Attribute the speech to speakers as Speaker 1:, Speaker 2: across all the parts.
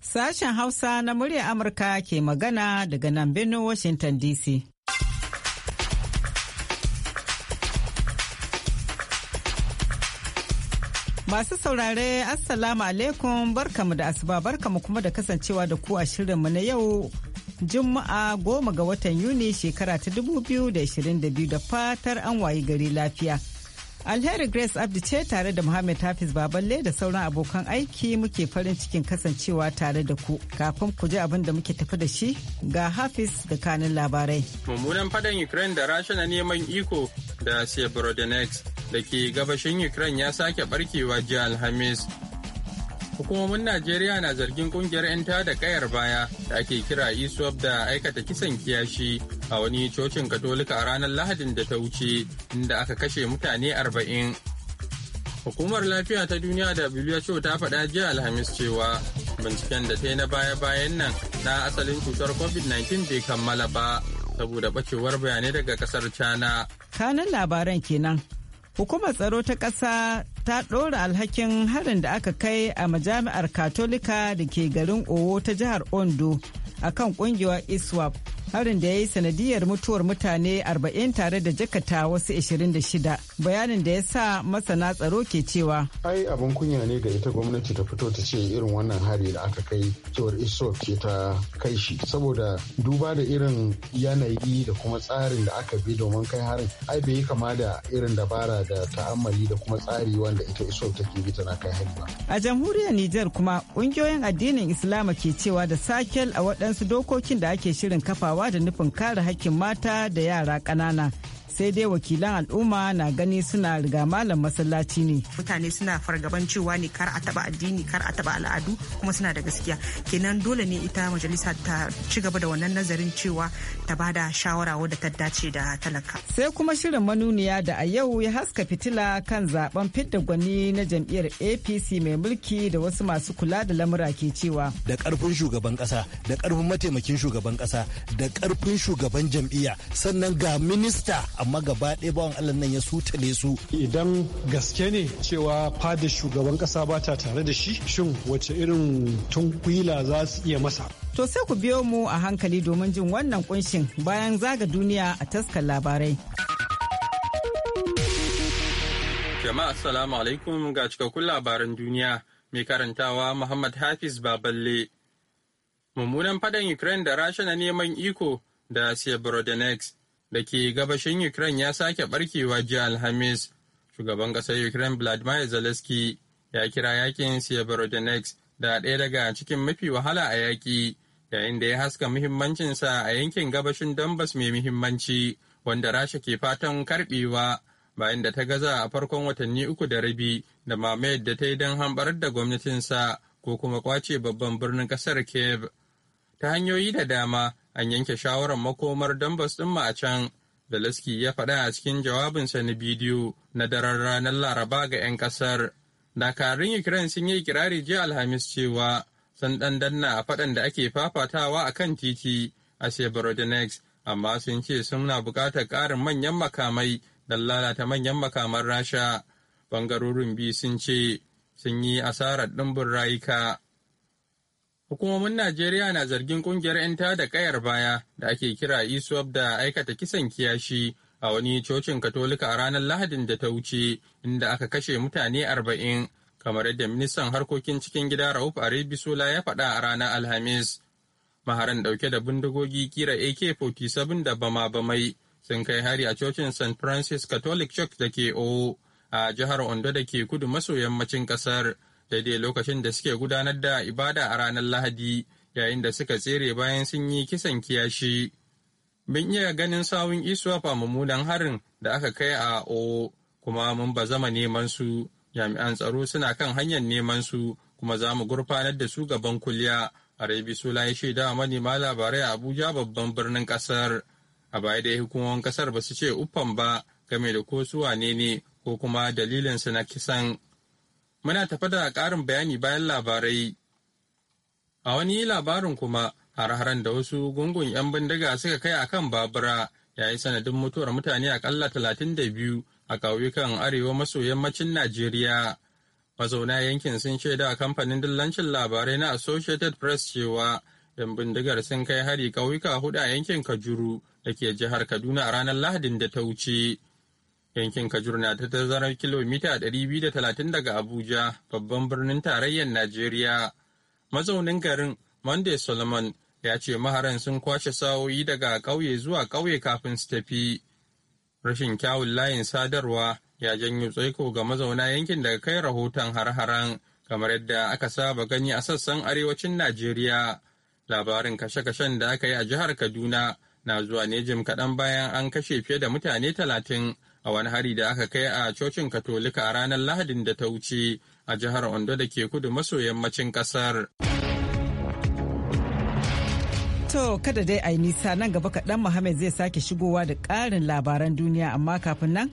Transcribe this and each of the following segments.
Speaker 1: Sashen Hausa na muryar Amurka ke magana daga nan birnin Washington DC. Masu saurare Assalamu alaikum barkamu da asuba barkamu kuma da kasancewa da ku a shirinmu na yau Juma'a goma ga watan Yuni shekara ta 2022 da fatar an wayi gari lafiya. Alheri Grace Abdi ce tare da Muhammad Hafiz Baballe da sauran abokan aiki muke farin cikin kasancewa tare da ku. Kafin ku ji abin da muke tafi da shi ga Hafiz da kanin labarai.
Speaker 2: Mummunan fadan Ukraine da Rasha na neman iko da Severodonetsk da ke gabashin Ukraine ya sake barkewa jiya Alhamis hukumomin najeriya na zargin kungiyar 'yan da kayar baya da ake kira iswap da aikata kisan kiyashi a wani cocin katolika a ranar lahadin da ta wuce inda aka kashe mutane arba'in. hukumar lafiya ta duniya da who ta faɗa jiya alhamis cewa binciken da ta yi na baya-bayan nan na asalin cutar covid-19 bai kammala ba saboda bacewar bayanai daga kasar china
Speaker 1: kanan labaran kenan hukumar tsaro ta ƙasa ta ɗora alhakin harin da aka kai a majami'ar katolika da ke garin owo ta jihar ondo a kan ƙungiyar iswap harin da ya yi sanadiyar mutuwar mutane 40 tare da jakata wasu 26 bayanin da ya sa masana tsaro ke cewa
Speaker 3: ai abin kunya ne ga ita gwamnati ta fito ta ce irin wannan hari da aka kai cewar iso ke ta kai shi saboda duba da irin yanayi da kuma tsarin da aka bi domin kai harin ai bai yi kama da irin dabara da ta'ammali da kuma tsari wanda ita iso take bi tana kai hari ba
Speaker 1: a jamhuriyar niger kuma kungiyoyin addinin islama ke cewa da sakel a waɗansu dokokin da ake shirin kafawa shiryawa da nufin kare hakkin mata da yara ƙanana sai dai wakilan al'umma na gani suna riga malam masallaci ne mutane suna fargaban cewa ne kar a taba addini kar a taba al'adu kuma suna da gaskiya kenan dole ne ita majalisa ta ci gaba da wannan nazarin cewa ta bada shawara wadda ta dace da talaka sai kuma shirin manuniya da a yau ya haska fitila kan zaben fidda gwani na jam'iyyar apc mai mulki da wasu masu kula da lamura ke cewa
Speaker 4: da karfin shugaban kasa da karfin mataimakin shugaban kasa da karfin shugaban
Speaker 5: jam'iyya sannan ga minista amma gaba ɗaya bawan Allah nan ya sutale su. Idan gaske ne cewa fada shugaban ƙasa ba ta tare da shi shin wace irin tunkwila za su iya masa.
Speaker 1: To sai ku biyo mu a hankali domin jin wannan ƙunshin bayan zaga duniya a taskar labarai.
Speaker 2: Jama'a assalamu alaikum ga cikakkun labaran duniya mai karantawa Muhammad Hafiz Baballe. Mummunan fadan Ukraine da Rasha na neman iko da brodenex da ke gabashin Ukraine ya sake barkewa jiya Alhamis. Shugaban ƙasar Ukraine Vladimir Zelensky ya kira yakin Severodonetsk da ɗaya daga cikin mafi wahala a yaƙi, yayin da ya haska muhimmancinsa a yankin gabashin Donbas mai muhimmanci wanda Rasha ke fatan karbewa bayan da ta gaza a farkon watanni uku da rabi da mamayar da ta yi don hambarar da gwamnatinsa ko kuma kwace babban birnin ƙasar Kiev. Ta hanyoyi da dama, an yanke shawarar makomar dambas ɗin ma a can Zelensky ya faɗa a cikin jawabinsa na bidiyo na daren ranar Laraba ga 'yan kasar Dakarun Ukraine sun yi kirari jiya Alhamis cewa sun ɗan a faɗan da ake fafatawa a kan titi a Severodonetsk, amma sun ce suna buƙatar ƙarin manyan makamai don lalata manyan makaman Rasha. Bangarorin biyu sun ce sun yi asarar ɗimbin rayuka. Hukumomin Najeriya na zargin kungiyar 'yan da kayar baya da ake kira ISWAP e da aikata kisan kiyashi a wani cocin Katolika a ranar Lahadin da ta wuce inda aka kashe mutane 40 kamar yadda ministan harkokin cikin gida Rauf Arebisola ya faɗa a ranar Alhamis. Maharan ɗauke da bindigogi kira AK-47 da bama-bamai sun kai hari a cocin St. Francis Catholic Church da ke O a jihar Ondo da ke kudu maso yammacin ƙasar. daidai lokacin da suke gudanar da ibada a ranar Lahadi yayin da suka tsere bayan sun yi kisan kiyashi. mun iya ganin sawun isuwafa mummunan harin da aka kai a O kuma mun ba zama neman su jami'an tsaro suna kan hanyar neman su kuma za mu gurfanar da su gaban kuliya Arabi Sula ya shaida wa manema labarai a Abuja babban birnin kasar. A baya da hukumomin kasar ba su ce uffan ba game da ko su wane ne ko kuma dalilinsu na kisan Muna tafa da ƙarin bayani bayan labarai. A wani labarin kuma, har-haren da wasu gungun 'yan bindiga suka kai akan babura ya yi sanadin mutuwar mutane akalla biyu a ƙauyukan arewa maso yammacin Najeriya. Mazauna yankin sun shaida kamfanin dillancin labarai na Associated Press cewa 'yan bindigar sun kai hari ƙauyuka hudu a yankin Kajuru da ke jihar Kaduna a ranar Lahadin da ta wuce. Yankin Kajurna ta tazarar kilomita 230 daga Abuja, babban birnin tarayyar Najeriya. Mazaunin garin Monday Solomon ya ce maharan sun kwashe sa'o'i daga ƙauye zuwa ƙauye kafin su tafi. Rashin kyawun layin sadarwa ya janyo tsaiko ga mazauna yankin daga kai rahoton har-haren kamar yadda aka saba gani a sassan arewacin Najeriya. Labarin kashe-kashen da aka yi a jihar Kaduna na zuwa ne jim kaɗan bayan an kashe fiye da mutane talatin a wani hari da aka kai a cocin katolika a ranar lahadin da ta wuce a jihar ondo da ke kudu maso yammacin kasar
Speaker 1: to kada dai a yi nisa nan gaba kaɗan muhammad zai sake shigowa da ƙarin labaran duniya amma kafin nan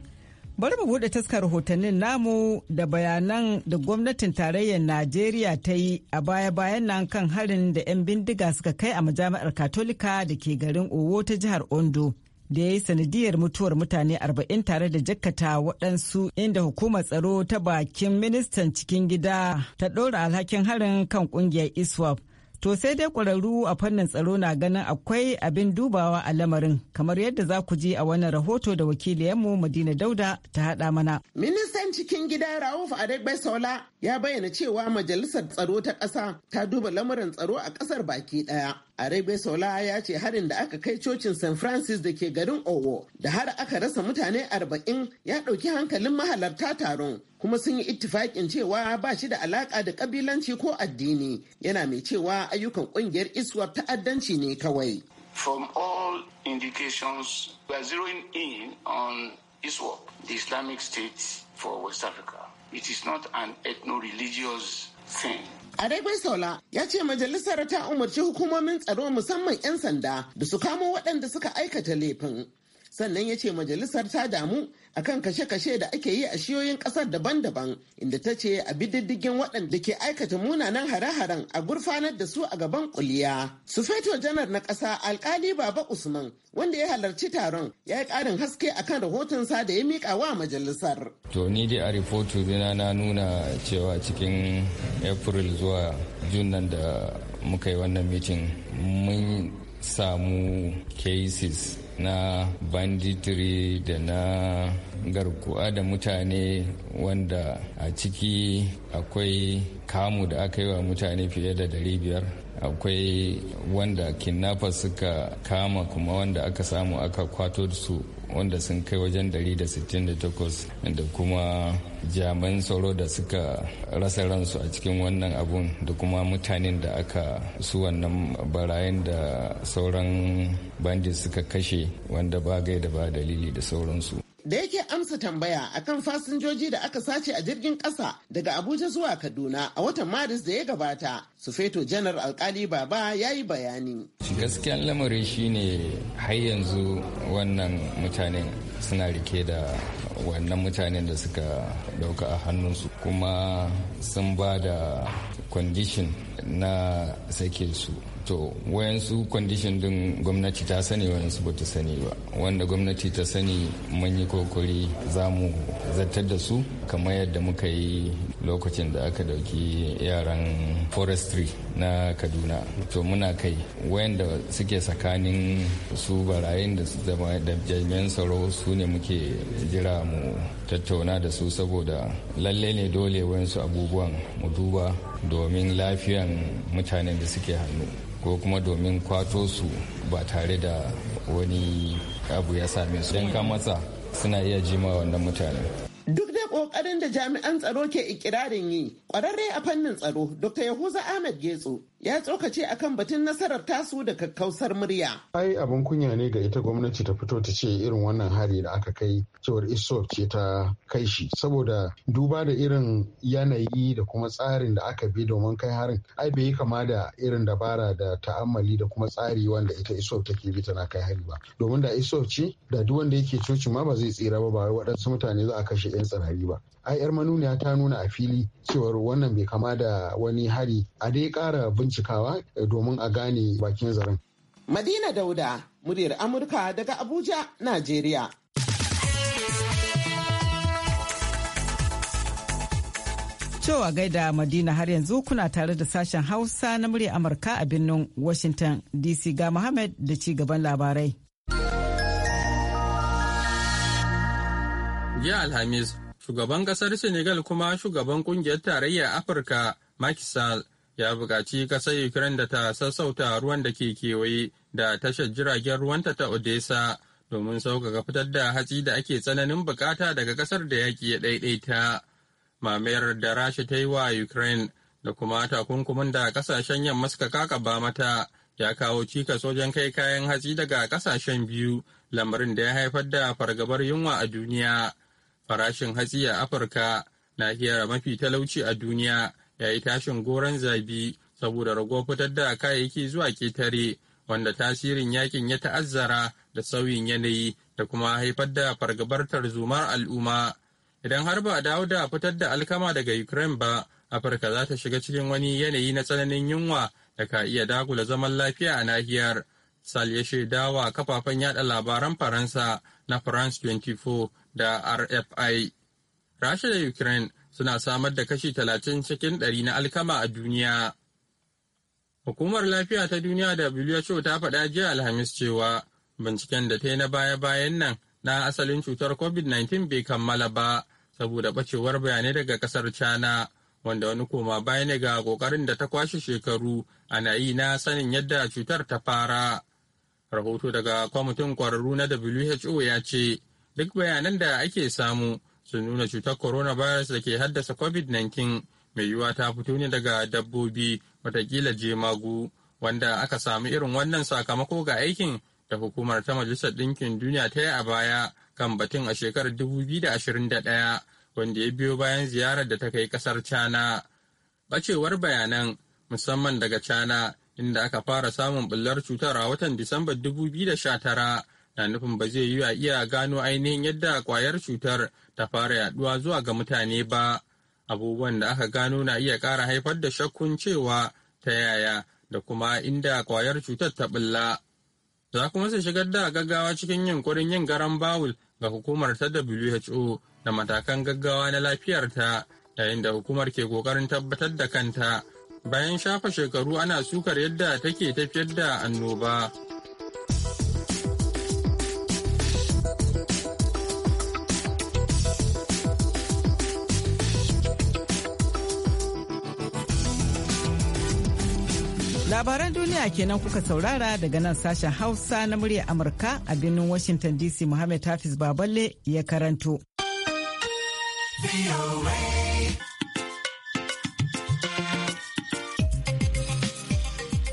Speaker 1: bari mu buɗe taskar rahotannin namu da bayanan da gwamnatin tarayyar najeriya ta yi a baya-bayan nan kan harin da 'yan bindiga suka kai a majami'ar katolika da ke garin owo ta jihar ondo da ya yi sanadiyar mutuwar mutane 40 tare da jakkata waɗansu inda hukumar tsaro ta bakin ministan cikin gida ta ɗora alhakin harin kan ƙungiyar iswap To sai dai ƙwararru a fannin tsaro na ganin akwai abin dubawa a lamarin kamar yadda za ku ji a wannan rahoto da wakiliyarmu Madina Dauda ta haɗa mana.
Speaker 3: Ministan cikin gida Rauf Adegbesola ya bayyana cewa majalisar tsaro ta ƙasa ta duba lamarin tsaro a ƙasar baki ɗaya. Adegbesola ya ce harin da aka kai cocin St. Francis da ke garin Owo da har aka rasa mutane arba'in ya ɗauki hankalin mahalarta taron kuma sun yi ittifakin cewa ba shi da alaka da kabilanci ko addini yana mai cewa ayyukan kungiyar iswap ta'addanci ne kawai
Speaker 6: from all
Speaker 7: indications we are zeroing in on
Speaker 4: iswap the islamic state for west africa not an ethno-religious
Speaker 3: Saula ya ce majalisar ta umarci hukumomin tsaro musamman 'yan sanda da su kamo waɗanda suka aikata laifin sannan ya ce majalisar ta damu akan kashe-kashe da ake yi a shiyoyin kasar daban-daban inda ta ce a bididdigin waɗanda ke aikata munanan hare-haren a gurfanar da su a gaban kuliya. Sufeto janar na ƙasa alkali Baba Usman wanda ya halarci taron ya yi ƙarin haske akan rahotonsa da ya miƙa wa majalisar.
Speaker 8: To ni dai a rahoto na nuna cewa cikin April zuwa Jun nan da muka yi wannan mitin mun samu cases na banditiri da na garkuwa da mutane wanda a ciki akwai kamu da aka yi wa mutane fiye da 500 akwai wanda kidnappers suka kama kuma wanda aka samu aka kwato su wanda sun kai wajen 168 da kuma jami'an tsaro da suka rasa ransu a cikin wannan abun da kuma mutanen da aka su wannan barayin da sauran bandit suka kashe wanda ba gai da ba dalili da sauransu
Speaker 3: da yake amsa tambaya akan fasinjoji da aka sace a jirgin ƙasa daga Abuja zuwa Kaduna a watan Maris da ya gabata. Sufeto Janar Alkali Baba ya yi bayani.
Speaker 8: Gaskiyan lamari shine har yanzu wannan mutanen suna rike da wannan mutanen da suka dauka a hannunsu kuma sun ba da kwandishin na sake su to wayansu kwandishin din gwamnati ta sani wayansu ba ta sani ba wanda gwamnati ta sani manyi kokori za mu zartar da su kamar yadda muka yi lokacin da aka dauki yaran forestry na kaduna to muna kai wayanda suke tsakanin su barayin da su zama da jami'an tsaro su ne muke jira mu tattauna da su saboda lalle ne dole wayansu abubuwan mu duba domin lafiyan mutanen da suke hannu ko kuma domin kwato su ba tare da wani abu ya same su don kamata suna iya jima wannan mutane.
Speaker 3: Duk da ƙoƙarin da jami'an tsaro ke ikirarin yi, Kwararre a fannin tsaro, Dr. Yahuza Ahmed Getso ya tsokace a kan batun nasarar tasu da kakkausar murya. Ai abin kunya ne ga ita gwamnati ta fito ta ce irin wannan hari da aka kai cewar ISOP ce ta kai shi saboda duba da irin yanayi da kuma tsarin da aka bi domin kai harin ai bai kama da irin dabara da ta'ammali da kuma tsari wanda ita ta take bi tana kai hari ba domin da ISOP ce da duk wanda yake coci ma ba zai tsira ba ba waɗansu mutane za a kashe 'yan tsirari ba. Ai 'yar manuniya ta nuna a fili cewar wannan bai kama da wani hari a dai kara bincikawa eh, domin a gane bakin zaren. Madina Dauda, muryar Amurka daga
Speaker 1: Abuja, Najeriya. Cewa gaida Madina har yanzu kuna tare da sashen Hausa na muryar Amurka a birnin Washington DC ga Muhammad da ci gaban labarai.
Speaker 2: Jiya Alhamis, Shugaban kasar Senegal kuma shugaban ƙungiyar tarayyar Afirka makisal ya buƙaci ƙasar Ukraine da ta sassauta ruwan da ke kewaye da tashar jiragen ruwanta ta Odessa domin sauƙaƙa fitar da hatsi da ake tsananin buƙata daga ƙasar da yaƙi ya ɗaiɗaita. Mamayar da Rasha ta yi wa Ukraine da kuma takunkumin da ƙasashen yamma suka kakaba mata ya kawo cikas wajen kai kayan hatsi daga ƙasashen biyu lamarin da ya haifar da fargabar yunwa a duniya. farashin hatsi a afirka nahiyar mafi talauci a duniya ya yi tashin goron zabi saboda ragowar fitar da kayayyaki zuwa ketare wanda tasirin yakin ya ta'azzara da sauyin yanayi da kuma haifar da fargabar tarzumar al'umma idan har ba a dawo da fitar da alkama daga ukraine ba afirka za ta shiga cikin wani yanayi na tsananin yunwa da ka iya dagula zaman lafiya a nahiyar sal ya shaidawa kafafen yada labaran faransa na france 24 da RFI. Rasha da Ukraine suna samar da kashi talatin cikin ɗari na alkama a duniya. Hukumar Lafiya ta Duniya da WHO ta faɗa jiya Alhamis cewa binciken da ta yi na baya-bayan nan na asalin cutar COVID-19 bai kammala ba saboda ɓacewar bayanai daga ƙasar China wanda wani koma baya ne ga ƙoƙarin da ta kwashe shekaru ana yi na sanin yadda cutar ta fara. Rahoto daga kwamitin ƙwararru na WHO ya ce duk bayanan da ake samu sun nuna cutar coronavirus da ke haddasa covid-19 mai yiwuwa ta fito ne daga dabbobi watakila jemagu wanda aka samu irin wannan sakamako ga aikin da hukumar ta majalisar ɗinkin duniya ta yi a baya kan batun a shekarar 2021 wanda ya biyo bayan ziyarar da ta kai kasar cana bacewar bayanan musamman daga cana inda aka fara samun bullar cutar a watan disambar 2019 na nufin ba zai yi a iya gano ainihin yadda kwayar cutar ta fara yaduwa zuwa ga mutane ba abubuwan da aka gano na iya ƙara haifar da shakkun cewa ta yaya da kuma inda kwayar cutar ta bulla za kuma su shigar da gaggawa cikin yunkurin yin garan bawul ga hukumar ta who da matakan gaggawa na lafiyar ta, yayin da hukumar ke kokarin tabbatar da kanta bayan shafa shekaru ana sukar yadda take tafiyar da annoba.
Speaker 1: Labaran duniya kenan kuka saurara daga nan sashen Hausa na muryar Amurka a birnin Washington DC Muhammad Hafiz Baballe ya karanto.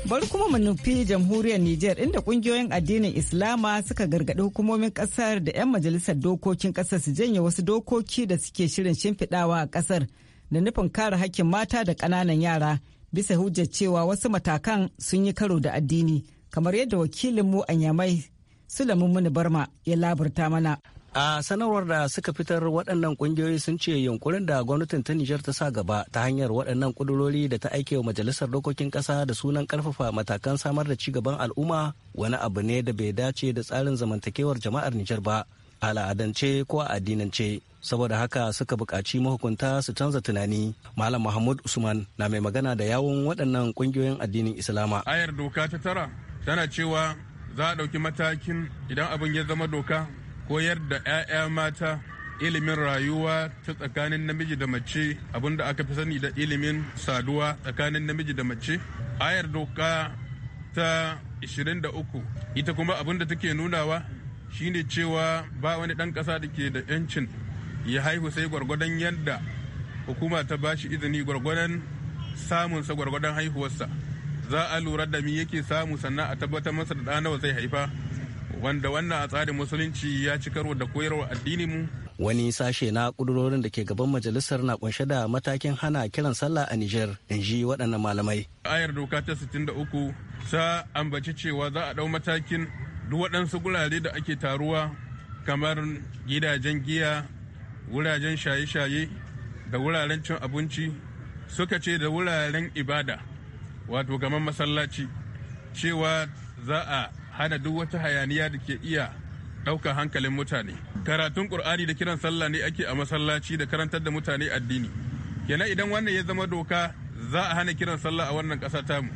Speaker 1: Bari kuma mu nufi jamhuriyar Nijar inda kungiyoyin addinin Islama suka gargaɗi hukumomin ƙasar da 'yan majalisar dokokin ƙasar su janye wasu dokoki da suke shirin shimfiɗawa a ƙasar da nufin kare hakkin mata da ƙananan yara. bisa hujjar cewa wasu matakan sun yi karo da addini kamar yadda wakilinmu a nyamai sulamin muni barma ya laburta mana
Speaker 9: a sanarwar da suka fitar waɗannan ƙungiyoyi sun ce yunkurin da gwamnatin ta nijar ta sa gaba ta hanyar waɗannan ƙudurori da ta aike wa majalisar dokokin ƙasa da sunan ƙarfafa matakan samar da cigaban al'umma wani abu ne da bai dace da tsarin zamantakewar jama'ar nijar ba al'adance ko a addinance saboda haka suka buƙaci mahukunta su canza tunani malam muhammad usman na mai magana da yawon waɗannan ƙungiyoyin addinin islama
Speaker 10: ayar doka ta tara tana cewa za a ɗauki matakin idan abin ya zama doka koyar da 'ya'ya mata ilimin rayuwa ta tsakanin namiji da mace abin da aka fi sani da ilimin saduwa tsakanin namiji da mace ayar doka ta 23 ita kuma abin da take nunawa shine cewa ba wani ɗan ƙasa da ke da 'yancin ya haihu sai gwargwadon yadda hukuma ta ba shi izini gwargwadon samunsa gwargwadon haihuwarsa za a lura da mi yake samu sannan a tabbatar masa da nawa zai haifa wanda wannan a tsarin musulunci ya ci karo da koyarwa addini mu
Speaker 9: wani sashe na kudurorin da ke gaban majalisar na kunshe da matakin hana kiran sallah a Nijar in ji waɗannan malamai
Speaker 10: ayar doka ta 63 ta ambaci cewa za a ɗau matakin duk waɗansu gurare da ake taruwa kamar gidajen giya wuraren shaye-shaye da wuraren cin abinci suka ce da wuraren ibada wato gaman masallaci cewa za a hana duk wata hayaniya da ke iya ɗaukar hankalin mutane karatun ƙur'ani da kiran sallah ne ake a masallaci da karantar da mutane addini kenan idan wannan ya zama doka za a hana kiran sallah a wannan ƙasa tamu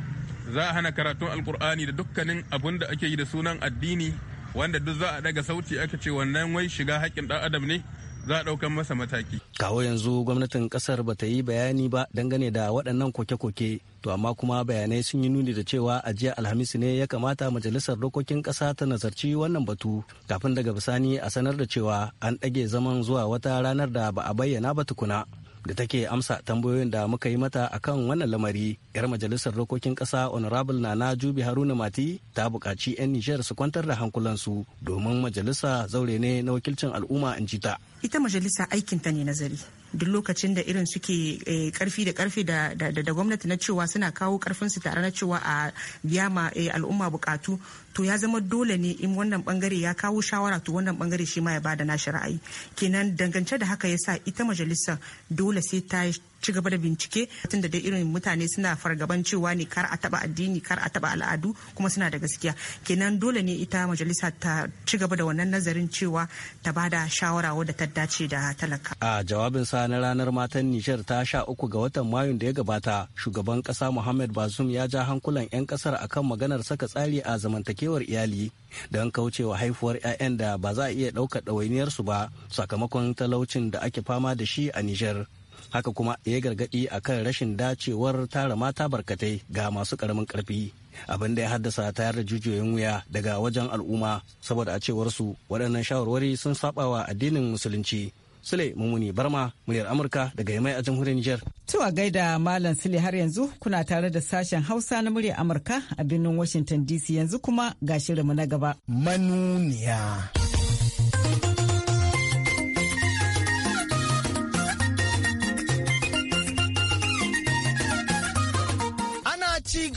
Speaker 10: za a hana karatun alkur'ani da dukkanin abin da ake yi da sunan addini wanda duk za a daga sauti aka ce wannan wai shiga haƙƙin ɗan adam ne za a ɗaukan masa mataki.
Speaker 9: Kawo yanzu gwamnatin ƙasar ba ta yi bayani ba dangane da waɗannan koke-koke, to amma kuma bayanai sun yi nuni da cewa a jiya Alhamis ne ya kamata majalisar dokokin ƙasa ta nazarci wannan batu kafin daga bisani a sanar da cewa an ɗage zaman zuwa wata ranar da ba a bayyana ba tukuna. da take amsa tambayoyin da muka yi mata a kan wannan lamari yar majalisar dokokin ƙasa honorable nana jubi haruna mati ta buƙaci 'yan nijar su kwantar da hankulansu domin majalisa zaure ne na wakilcin al'umma in ji ta
Speaker 1: ita majalisa aikinta ne nazari duk lokacin da irin suke karfi eh, da karfi da gwamnati na cewa suna kawo karfin su tare na cewa a biya ma eh, al'umma bukatu to ya zama dole ne in wannan bangare ya kawo shawara to wannan bangare shi ma ya bada nashi ra'ayi kenan dangance da haka ya sa ita majalisa dole sai ta ci gaba da bincike tun da dai irin mutane suna fargaban cewa ne kar a taba addini kar a taba al'adu kuma suna da gaskiya kenan dole ne ita majalisa ta ci gaba da wannan nazarin cewa ta bada shawara wadda ta dace da talaka
Speaker 9: a jawabin sa na ranar matan Nijar ta sha uku ga watan Mayun da ya gabata shugaban kasa Muhammad bazum ya ja hankulan 'yan kasar akan maganar saka tsari a zamantake. zamantakewar iyali don kaucewa haifuwar 'ya'yan da ba za a iya ɗaukar ɗawainiyarsu ba sakamakon talaucin da ake fama da shi a Nijar. Haka kuma ya gargaɗi a kan rashin dacewar tara mata barkatai ga masu ƙaramin ƙarfi. Abin da ya haddasa tayar da jujuyoyin wuya daga wajen al'umma saboda a cewarsu waɗannan shawarwari sun saɓawa addinin musulunci Sule Mumuni Barma muryar Amurka daga Yamai a jamhuriyar Nijar.
Speaker 1: To a gaida Malam Sule har yanzu kuna tare da sashen Hausa na muryar Amurka a birnin Washington DC yanzu kuma ga shirinmu na gaba. Manuniya.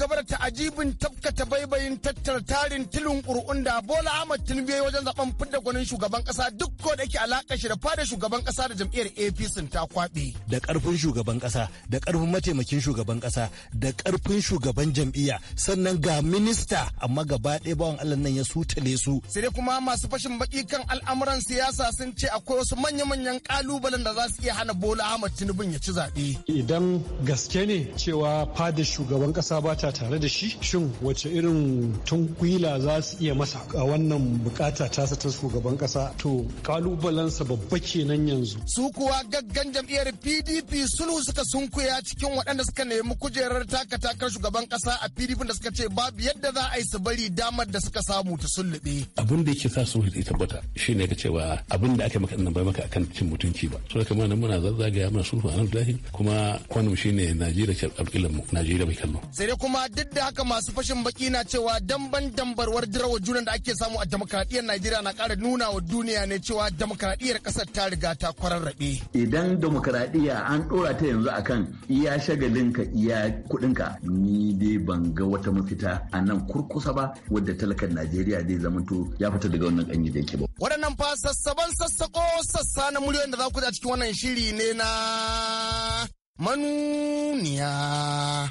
Speaker 7: gabar ta ajibin tafkata baibayin tattara tarin tilin ƙuri'un da Bola Ahmad Tinubu yayi wajen zaben fidda gwanin shugaban kasa duk ko da ke alaƙa shi da fada shugaban kasa da jam'iyyar APC ta kwaɓe
Speaker 4: Da ƙarfin shugaban kasa, da ƙarfin mataimakin shugaban kasa, da ƙarfin shugaban jam'iyya,
Speaker 7: sannan ga minista amma gaba ɗaya bawan Allah nan ya sutale su. Sai dai kuma masu fashin baki kan al'amuran siyasa sun ce akwai wasu manya-manyan ƙalubalen da za su iya hana Bola Ahmad
Speaker 5: Tinubu ya ci zaɓe. Idan gaske ne cewa fada shugaban ƙasa ba ta tare da shi shin wace irin tunkwila za su iya masa a wannan bukata ta ta shugaban kasa to kalubalensa babba kenan yanzu su kuwa gaggan
Speaker 7: jam'iyyar pdp sulhu suka sunkuya cikin waɗanda suka nemi kujerar takatakar shugaban kasa a pdp da suka ce babu yadda za a yi su bari damar da suka samu ta sulluɓe
Speaker 6: abin da yake sa ya tabbata shine ga cewa abin da aka maka nan bai maka akan cin mutunci ba so kamar nan muna zazzagaya muna sulhu a nan kuma kwanum shine najeriya ce alƙilan mu najeriya bai kallo
Speaker 7: sai dai kuma duk da haka masu fashin baki na cewa damban dambarwar jirawa junan da ake samu a demokradiyyar Najeriya na kara nuna wa duniya ne cewa demokradiyyar kasar ta riga ta kwararrabe.
Speaker 11: Idan demokradiyya an ɗora ta yanzu akan iya shagalinka iya kuɗinka ni dai ban ga wata mafita a nan kurkusa ba wadda talakan Najeriya dai zamanto ya fita daga wannan ƙanyi da yake
Speaker 7: ba. Waɗannan fa sassaban sassaƙo sassa na miliyoyin da za ku da cikin wannan shiri ne na manuniya.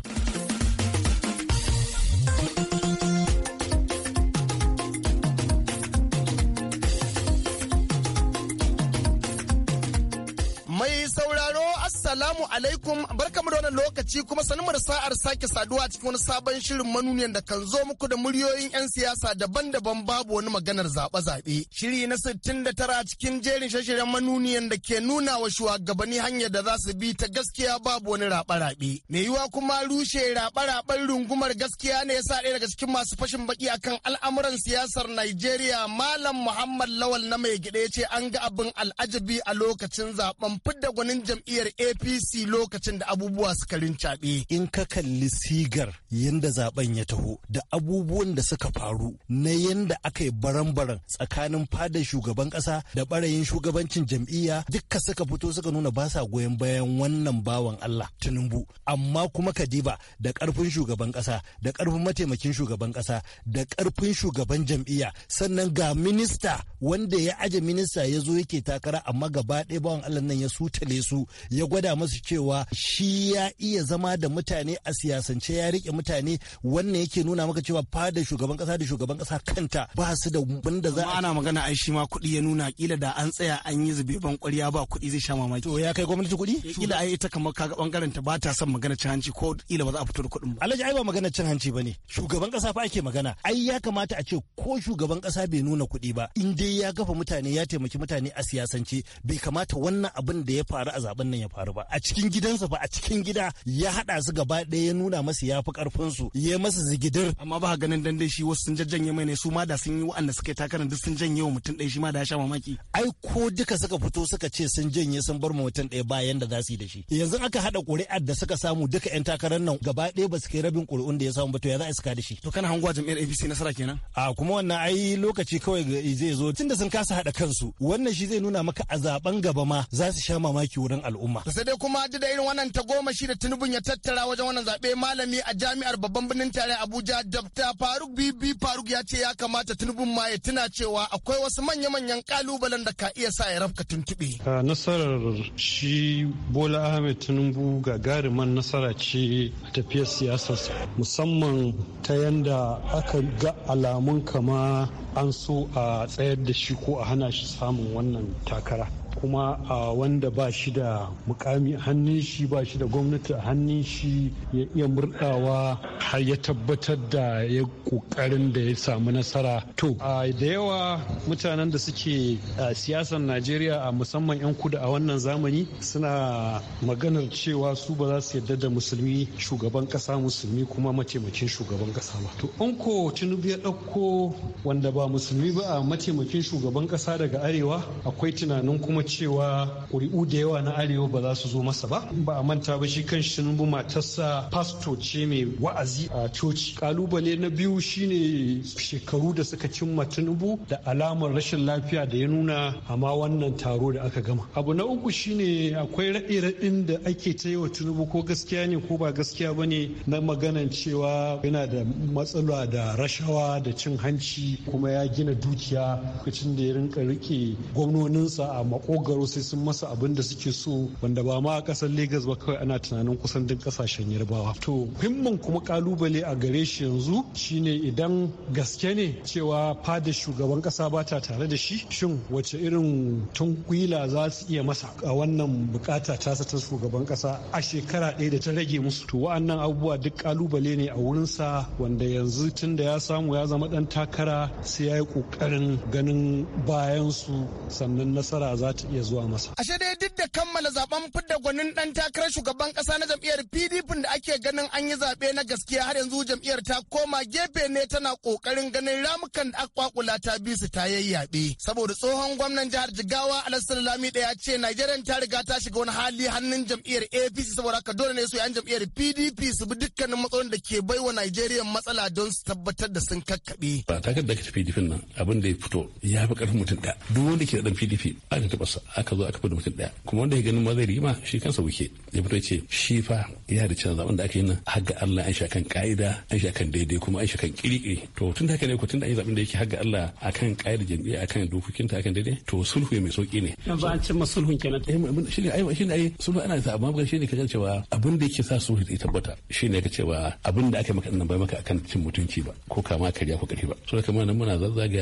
Speaker 7: Assalamu alaikum barkamu da wannan lokaci kuma sanumar da sa'ar sake saduwa cikin wani sabon shirin manuniyan da kan zo muku da muryoyin 'yan siyasa daban-daban babu wani maganar zaɓe-zaɓe. Shiri na sittin da tara cikin jerin shashiren manuniyan da ke nuna wa shugabanni hanyar da za su bi ta gaskiya babu wani raɓe-raɓe. Me yiwa kuma rushe raɓe-raɓen rungumar gaskiya ne yasa ɗaya daga cikin masu fashin baki akan al'amuran siyasar Najeriya Malam Muhammad Lawal na mai gida ya ce an ga abin al'ajabi a lokacin zaɓen fidda gwanin jam'iyyar a apc lokacin da abubuwa suka rincaɓe in ka kalli sigar
Speaker 4: yadda zaben ya taho da abubuwan da suka faru na yadda aka yi baran-baran tsakanin fadar shugaban kasa da barayin shugabancin jam'iyya dukka suka fito suka nuna ba sa goyon bayan wannan bawan Allah Tinubu amma kuma Kadiba da karfin shugaban kasa da karfin mataimakin shugaban kasa da karfin shugaban jam'iyya sannan ga minista wanda ya aje minista ya zo yake takara amma gaba ɗaya bawan Allah nan ya sutale su ya gwada gwada masu cewa shi ya iya zama da mutane a siyasance ya rike mutane wannan yake nuna maka cewa fada shugaban kasa da shugaban kasa kanta ba su da wanda za ana magana ai shi ma kuɗi ya nuna kila da an tsaya an yi zube ban kwariya ba kuɗi zai sha mamaki to ya kai gwamnati kuɗi kila eh, ai ita kamar kaga bangaren ta ba ta son magana cin hanci ko kila ba za a fito da kuɗin ba alhaji ai ba magana cin hanci bane shugaban kasa fa ake magana ai ya kamata a ce ko shugaban kasa bai nuna kuɗi ba in dai ya gafa mutane ya taimaki mutane a siyasance bai kamata wannan abin da ya faru a zaben nan ya faru ba a cikin gidansa ba a cikin gida ya haɗa su gaba ɗaya ya nuna masu ya fi ƙarfin su ya masa zigidir amma ba ganin dan dai shi wasu sun janye mai ne su ma da sun yi wa'anda suka yi takarar duk sun janye wa mutum ɗaya shi ma da ya sha mamaki ai ko duka suka fito suka ce sun janye sun bar mutum ɗaya bayan da za su yi da shi yanzu aka haɗa ƙuri'ar da suka samu duka 'yan takarar nan gaba ɗaya ba su kai rabin ƙuri'un da ya samu ba to ya za a iska da shi to kana hanguwa jam'iyyar APC nasara kenan a kuma wannan ai lokaci kawai zai zo tunda sun kasa haɗa kansu wannan shi zai nuna maka a zaben gaba ma za su sha mamaki wurin al'umma
Speaker 7: dai kuma duk da irin wannan ta goma shi da tunubun ya tattara wajen wannan zaɓe malami a jami'ar babban birnin tare Abuja Dr. Faruk bb Faruk ya ce ya kamata tunubun ma ya tuna cewa akwai wasu manya-manyan kalubalen da ka iya sa ya rafka
Speaker 5: tuntuɓe. Nasarar shi Bola Ahmed Tinubu gagariman nasara ce a tafiyar siyasa musamman ta yanda aka ga alamun kama an so a tsayar da shi ko a hana shi samun wannan takara. kuma a wanda ba shi da mukami hannushi hannun shi ba shi da gwamnati a hannun shi ya iya murdawa har ya tabbatar da ya kokarin da ya samu nasara to da yawa mutanen da suke siyasar najeriya a musamman 'yan kudu a wannan zamani suna maganar cewa su ba za su yarda da musulmi shugaban kasa musulmi kuma mataimakin shugaban kasa ba to anko tinubu ya dauko wanda ba musulmi ba a mataimakin shugaban kasa daga arewa akwai tunanin kuma cewa ƙuri'u da yawa na arewa ba za su zo masa ba ba a manta ba shi kan tinubu matarsa pasto ce mai wa'azi a coci kalubale na biyu shine shekaru da suka cimma tinubu da alamar rashin lafiya da ya nuna amma wannan taro da aka gama abu na uku shine akwai raɗe-raɗin da ake ta yi wa tinubu ko gaskiya ne ko ba gaskiya ba ne na maganan cewa yana da matsala da rashawa da cin hanci kuma ya gina dukiya lokacin da ya rinka rike gwamnoninsa a Ko garo sai sun masa abin da suke so wanda ba ma a kasar Legas ba kawai ana tunanin kusan duk kasashen Yarbawa. To himmin kuma kalubale a gare shi yanzu shine idan gaske ne cewa fada shugaban kasa ba ta tare da shi shin wace irin tunkwila za su iya masa a wannan bukata tasa ta shugaban kasa a shekara ɗaya da ta rage musu. To wa'annan abubuwa duk kalubale ne a wurinsa wanda yanzu tun da ya samu ya zama dan takara sai ya yi kokarin ganin bayan su sannan nasara za ta iya zuwa masa.
Speaker 7: Ashe dai duk da kammala zaben fidda gwanin dan takarar shugaban kasa na jam'iyyar PDP da ake ganin an yi zaɓe na gaskiya har yanzu jam'iyyar ta koma gefe ne tana kokarin ganin ramukan da aka kwakula ta bi su ta yayyabe. Saboda tsohon gwamnan jihar Jigawa Alassane da ya ce Najeriya ta riga ta shiga wani hali hannun jam'iyyar APC saboda haka dole ne su yan jam'iyyar PDP su bi dukkanin matsalolin da ke baiwa Najeriya matsala don su tabbatar da sun kakkaɓe.
Speaker 6: Ba takar da PDP nan abin da ya fito ya fi ƙarfin mutum ɗaya duk wanda ke da PDP aka taɓa kansa aka zo aka fi da mutum daya kuma wanda ya ganin ma zai rigima shi kansa wuke ya fito ce shi fa ya da cin zaben da aka yi nan haga Allah an shakan ka'ida an shakan daidai kuma an shakan kirkiri to tun da haka ne ko tun da an yi zaben da yake haga Allah akan ka'ida jami'a akan dokokin ta akan daidai to sulhu mai sauki ne yanzu an sulhun kenan eh, shi ne ai shi ne ai sulhu ana sa amma shi ne ka cewa abin da sa sulhu tabbata ne ka cewa abin da aka maka akan cin mutunci ba ko kama ko karfi ba so kamar nan muna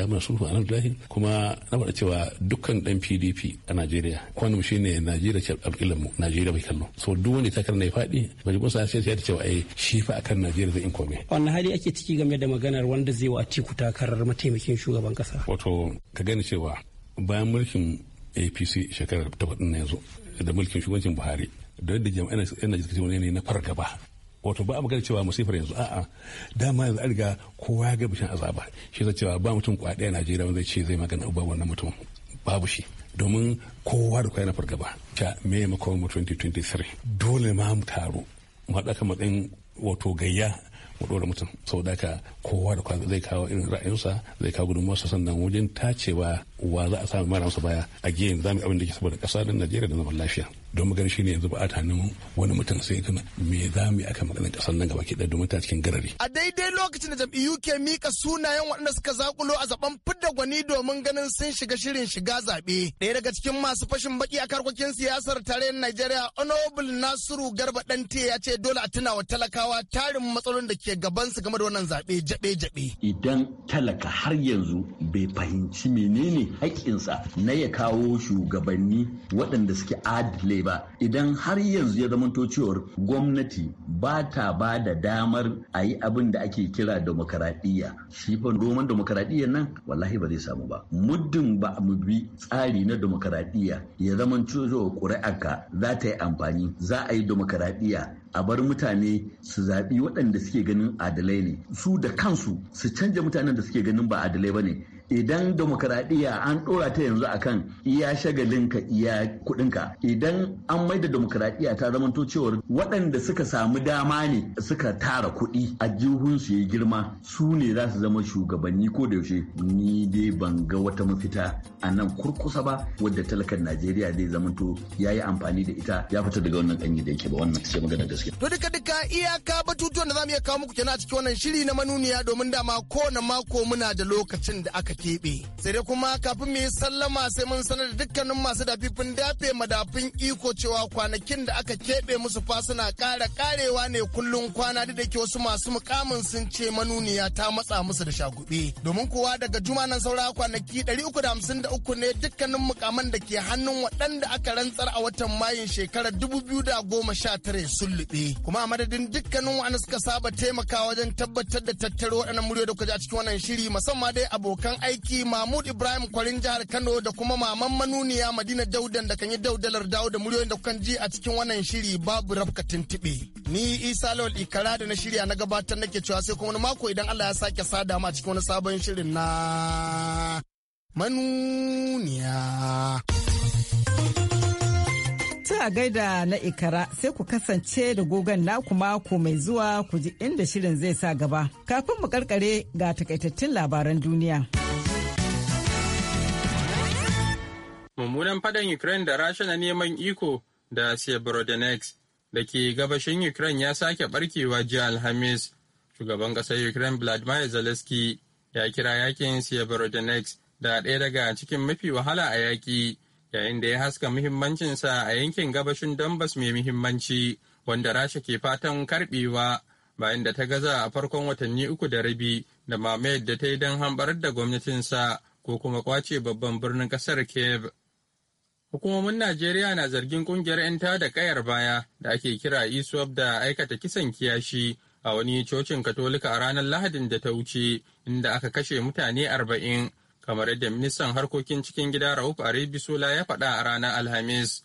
Speaker 6: muna sulhu kuma na faɗa cewa dukkan dan PDP a najeriya wannan shi ne najeriya ce alƙilan mu najeriya bai kallo so duk wanda ta karna ya faɗi majalisar sa sai ta cewa ai shi fa akan najeriya zai in kome wannan hali ake
Speaker 9: ciki game da maganar wanda zai wa atiku takarar mataimakin shugaban kasa
Speaker 6: wato ka gane cewa bayan mulkin apc shekarar ta faɗin na yanzu da mulkin shugabancin buhari da yadda jami'an yana najeriya cewa ne na gaba wato ba a magana cewa musifar yanzu a'a dama yanzu an riga kowa ya ga bishan azaba shi zai cewa ba mutum kwaɗe a najeriya wanda zai ce zai magana ba wannan mutum babu shi domin kowa da yana fargaba ta me makawar mu 2023 dole ma mu taru mu matsayin wato gayya mu ɗora mutum sau da ka kowa da kwan zai kawo irin ra'ayinsa zai kawo gudunmuwarsa sannan wajen tacewa wa za a samu mara masa baya a mu zamu abin da ke saboda ƙasa da najeriya da zaman lafiya don magana ne yanzu ba a tanin wani mutum sai tuna me za mu yi aka maganar kasar nan gaba kiɗa domin ta cikin garari.
Speaker 7: A daidai lokacin da jam'iyyu ke mika sunayen waɗanda suka zakulo a zaben fidda gwani domin ganin sun shiga shirin shiga zaɓe. Ɗaya daga cikin masu fashin baki a karkokin siyasar tarayyar Najeriya Honorable Nasiru Garba Dante ya ce dole a tuna wa talakawa tarin matsalolin da ke gabansu game da wannan zaɓe jaɓe-jaɓe.
Speaker 11: Idan talaka har yanzu bai fahimci menene haƙƙinsa na ya kawo shugabanni waɗanda suke adile ba idan har yanzu ya zamanto cewar gwamnati ba ta ba da damar a yi abin da ake kira demokaradiyya shi fa roman demokaradiyya nan wallahi ba zai samu ba muddin ba mu bi tsari na demokaradiyya ya zamanto cewa ƙuri'arka za ta yi amfani za a yi demokaradiyya a bar mutane su zaɓi waɗanda suke ganin adalai ne su da kansu su canja mutanen da suke ganin ba adalai ba ne idan demokaradiyya an dora ta yanzu akan iya shagalinka iya kuɗinka idan an maida demokaradiyya ta zamanto cewar waɗanda suka samu dama ne suka tara kuɗi a jihunsu ya girma su ne za su zama shugabanni ko da yaushe ni dai ban ga wata mafita a nan kurkusa ba wadda talakan najeriya zai zamanto ya yi amfani da ita ya fita daga wannan kanyi da yake ba wannan ce magana gaske.
Speaker 7: to duka duka iyaka batutuwan da za mu iya kawo muku kenan a cikin wannan shiri na manuniya domin dama kowane mako muna da lokacin da aka keɓe. Sai dai kuma kafin mu yi sallama sai mun sanar da dukkanin masu dafifin dafe madafin iko cewa kwanakin da aka keɓe musu fa suna ƙara ƙarewa ne kullum kwana da ke wasu masu mukamin sun ce manuniya ta matsa musu da shagube. Domin kuwa daga juma nan saura kwanaki 353 ne dukkanin mukaman da ke hannun waɗanda aka rantsar a watan Mayun shekarar 2019 sun luɓe. Kuma a madadin dukkanin waɗanda suka saba taimaka wajen tabbatar da tattaro waɗannan muryoyi da kuka a cikin wannan shiri musamman dai abokan aiki Mahmud Ibrahim Kwarin jihar Kano da kuma maman manuniya Madina Daudan da kan yi daudalar dawo da muryoyin da kukan ji a cikin wannan shiri babu rafka tuntuɓe. Ni Isa Lawal Ikara da na shirya na gabatar nake cewa sai kuma wani mako idan Allah ya sake sada ma cikin wani sabon shirin na manuniya.
Speaker 1: a gaida na ikara sai ku kasance da gogon naku mako mai zuwa ku ji inda shirin zai sa gaba. Kafin mu karkare ga takaitattun labaran duniya.
Speaker 2: mummunan fadan Ukraine da Rasha na neman iko da Sebrodenex da ke gabashin Ukraine ya sake barkewa jiya Alhamis. Shugaban ƙasar Ukraine Vladimir Zelensky ya kira yakin Sebrodenex da ɗaya daga cikin mafi wahala a yaƙi yayin da ya haska muhimmancinsa a yankin gabashin Donbas mai muhimmanci wanda Rasha ke fatan karbewa bayan da ta gaza a farkon watanni uku da rabi da mamayar da ta yi don hambarar da gwamnatinsa ko kuma kwace babban birnin kasar Kiev. Hukumomin Najeriya na zargin kungiyar 'yan da kayar baya da ake kira ISWAP e da aikata kisan kiyashi a wani cocin Katolika a ranar Lahadin da ta wuce inda aka kashe mutane 40 kamar yadda ministan harkokin cikin gida Rauf Arebisola ya faɗa a ranar Alhamis.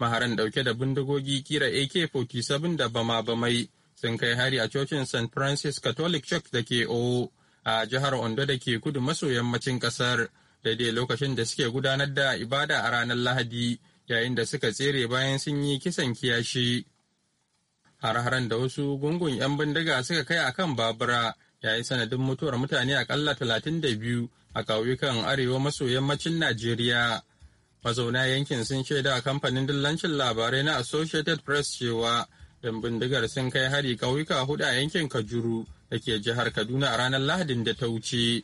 Speaker 2: Maharan ɗauke da bindigogi kira AK-47 da bama-bamai sun kai hari a cocin St. Francis Catholic Church da ke O a jihar Ondo da ke kudu maso yammacin ƙasar. daidai lokacin da suke gudanar da ibada a ranar Lahadi yayin da suka tsere bayan sun yi kisan kiyashi. Har-haren da wasu gungun 'yan bindiga suka kai a kan babura ya yi sanadin mutuwar mutane akalla talatin da biyu a ƙauyukan arewa maso yammacin Najeriya. Mazauna yankin sun shaida kamfanin dillancin labarai na Associated Press cewa 'yan bindigar sun kai hari ƙauyuka hudu a yankin Kajuru da ke jihar Kaduna a ranar Lahadin da ta wuce.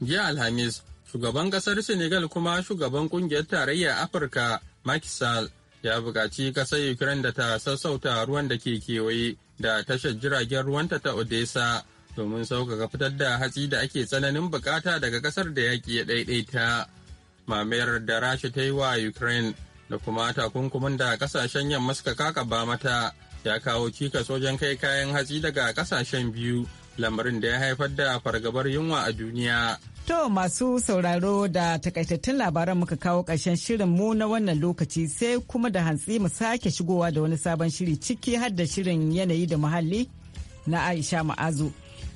Speaker 2: jiya alhamis shugaban kasar senegal kuma shugaban kungiyar tarayyar afirka makisal ya bukaci kasar ukraine da ta sassauta ruwan da ke kewaye da tashar jiragen ruwanta ta odessa domin sauƙaƙa fitar da hatsi da ake tsananin bukata daga ƙasar da yaƙi ya ɗaiɗaita mamayar da rasha ta yi wa ukraine da kuma takunkumin da ƙasashen yamma suka kakaba mata ya kawo cikas wajen kai kayan hatsi daga ƙasashen biyu lamarin da ya haifar da fargabar yunwa a duniya.
Speaker 1: To masu sauraro da takaitattun labaran muka kawo ƙarshen shirin mu na wannan lokaci sai kuma da hantsi mu sake shigowa da wani sabon shiri ciki har da shirin yanayi da muhalli na Aisha Ma'azu.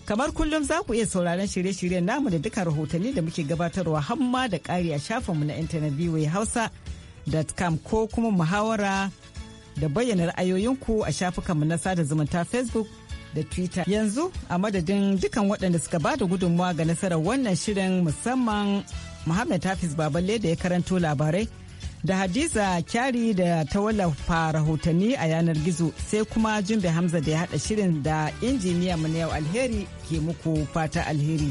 Speaker 1: Kamar kullum za ku iya sauraron shirye-shiryen namu da duka rahotanni da muke gabatarwa hamma da ƙari a shafinmu na intanet hausa.com ko kuma muhawara da bayyana ra'ayoyinku a shafukanmu na sada zumunta Facebook da Twitter. Yanzu a madadin dukan waɗanda suka ba da gudunmawa ga nasarar wannan shirin musamman Muhammad Hafiz Baballe da ya karanto labarai. Da Hadiza Kyari da ta wallafa rahotanni a yanar gizo sai kuma Jumbe Hamza da ya haɗa shirin da injiniya mu na yau alheri ke muku fata alheri.